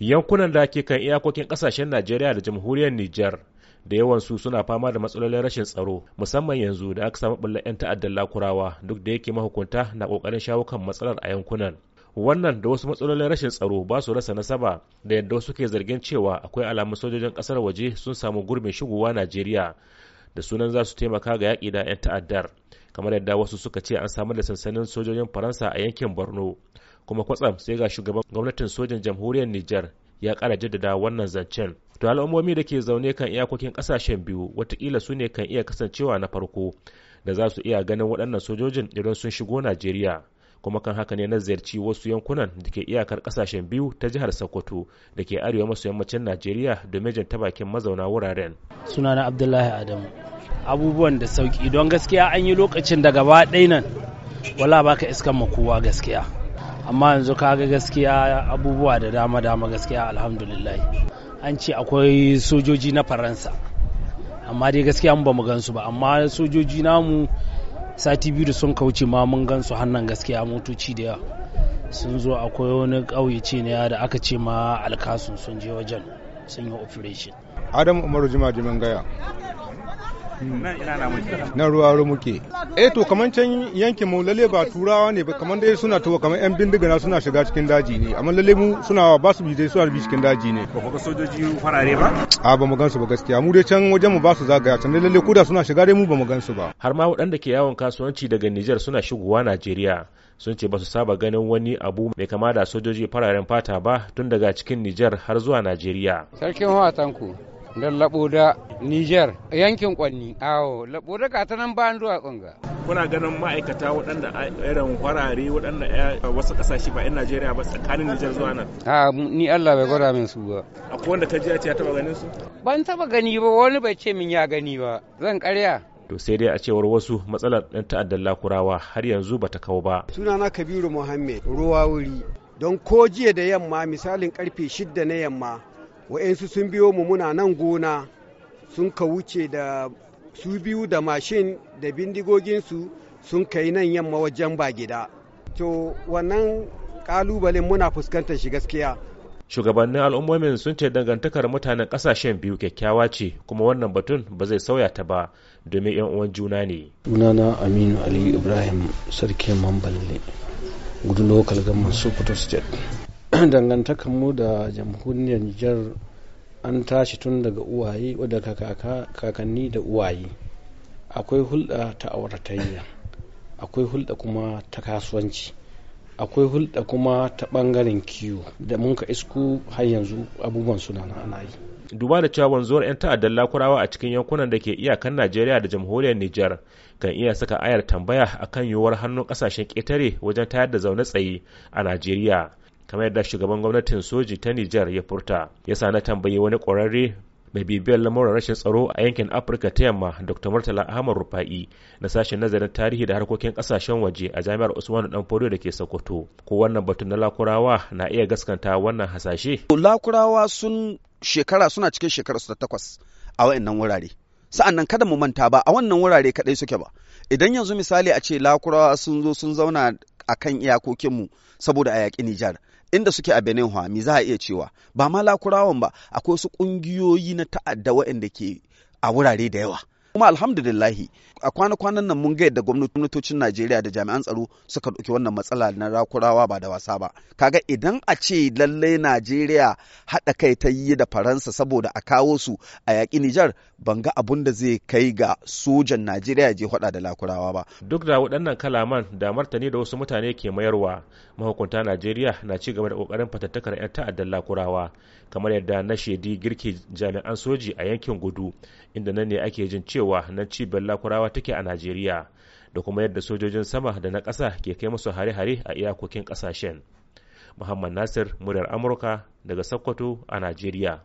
yankunan da ke kan iyakokin kasashen najeriya da jamhuriyar nijar da yawansu suna fama da matsalolin rashin tsaro musamman yanzu da aka samu bulla 'yan ta'addar lakurawa duk da yake mahukunta na kokarin shawo kan matsalar a yankunan wannan da wasu matsalolin rashin tsaro ba su rasa nasaba da yadda wasu ke zargin cewa akwai alamun sojojin kasar waje sun samu gurbin shigowa najeriya da sunan za su taimaka ga yaƙi da 'yan ta'addar kamar yadda wasu suka ce an samar da sansanin sojojin faransa a yankin borno kuma kwatsam sai ga shugaban gwamnatin sojan jamhuriyar Nijar ya kara jaddada wannan zancen. To al'ummomi da ke zaune kan iyakokin kasashen biyu watakila su ne kan iya kasancewa na farko da za su iya ganin waɗannan sojojin idan sun shigo Najeriya. kuma kan haka ne na ziyarci wasu yankunan da ke iyakar kasashen biyu ta jihar sokoto da ke arewa maso yammacin najeriya domin jan ta bakin mazauna wuraren suna na abdullahi adamu abubuwan da sauki don gaskiya an yi lokacin da gaba ɗaya nan wala baka iskan makowa gaskiya amma yanzu kaga gaskiya abubuwa da dama dama gaskiya alhamdulillah an ce akwai sojoji na faransa amma dai gaskiya mu ba mu gansu ba amma sojoji namu sati biyu da sun kauce ma mun gansu hannun gaskiya motoci da yawa sun zo akwai wani kauye ce da aka ce ma alkasun sun je wajen sun yi operation adam umaru jima jimin gaya na ruwa ruwa muke eh to kaman can yankin mu lalle ba turawa ne ba kaman dai suna to kaman yan bindiga na suna shiga cikin daji ne amma lalle mu suna ba su bi dai suna bi cikin daji ne ba ga sojoji farare ba a ba mu gansu ba gaskiya mu dai can wajen mu ba su zagaya can lalle koda suna shiga dai mu ba mu gansu ba har ma waɗanda ke yawon kasuwanci daga Nijar suna shigowa Najeriya sun ce ba su saba ganin wani abu mai kama da sojoji fararen fata ba tun daga cikin Nijar har zuwa Najeriya. Sarkin tanku. da laboda niger yankin kwanni awo laboda ka ta nan an zuwa kunga kuna ganin ma'aikata waɗanda irin kwarare waɗanda wasu ƙasashe ba 'yan Najeriya ba tsakanin Nijar zuwa nan? A ni Allah bai gwada min su ba. a wanda ka ji ce ya taɓa ganin su? Ban taɓa gani ba wani bai ce min ya gani ba zan karya. to sai dai a cewar wasu matsalar ɗan ta'addar lakurawa har yanzu bata kawo ba sunana kabiru muhammed ruwa wuri don ko jiya da yamma misalin karfe shidda na yamma wa'yansu sun biyo mu muna nan gona sun ka wuce da su biyu da mashin da bindigoginsu sun kai nan yamma wajen ba gida to wannan kalubalen muna fuskantar shi gaskiya shugabannin al'ummomin sun ce dangantakar mutanen kasashen biyu kyakkyawa ce kuma wannan batun ba zai sauya ta ba domin yan uwan juna ne sunana aminu ali ibrahim sarki mamballe gudu local government sokoto state dangantakar mu da jamhuriyar Nijar an tashi tun daga uwaye kakanni da uwaye akwai hulɗa ta auratayya akwai hulɗa kuma ta kasuwanci akwai hulɗa kuma ta ɓangaren kiwo da mun ka isku har yanzu abubuwan suna na ana yi duba da cewa wanzuwar 'yan ta'addar lakurawa a cikin yankunan da ke iyakan najeriya da jamhuriyar nijar kan iya saka ayar tambaya akan yiwuwar hannun kasashen ƙetare wajen tayar da zaune tsaye a najeriya kamar yadda shugaban gwamnatin soji ta Nijar ya furta ya sa na tambayi wani ƙwararre mai bibiyar lamuran rashin tsaro a yankin afirka ta yamma dr murtala ahmad rufa'i na sashen nazarin tarihi da harkokin ƙasashen waje a jami'ar usmanu fodo da ke sokoto ko wannan batun na lakurawa na iya gaskanta wannan hasashe lakurawa sun shekara suna cikin shekara su ta takwas a wayannan wurare sa'an nan kada mu manta ba a wannan wurare kaɗai suke ba idan yanzu misali a ce lakurawa sun zo sun zauna a kan iyakokinmu saboda a yaƙi nijar inda suke a Benin hawa mi za a iya cewa ba ma lakurawan ba akwai wasu ƙungiyoyi na ta'adda waɗanda ke a wurare da yawa kuma alhamdulillahi a kwana-kwanan nan mun ga yadda gwamnatocin Najeriya da jami'an tsaro suka ɗauki wannan matsala na rakurawa ba da wasa ba kaga idan a ce lalle Najeriya haɗa kai ta yi da Faransa saboda a kawo su a yaƙi Nijar ban ga abun da zai kai ga sojan Najeriya je hada da lakurawa ba duk da waɗannan kalaman da martani da wasu mutane ke mayarwa mahukunta Najeriya na ci gaba da kokarin fatattakar 'yan ta'addar lakurawa kamar yadda na shaidi girki jami'an soji a yankin gudu inda nan ne ake jin cewa cewa na cibiyar kurawa take a najeriya da kuma yadda sojojin sama da na ƙasa ke kai musu hare-hare a iyakokin ƙasashen muhammad nasir muryar amurka daga sokoto a najeriya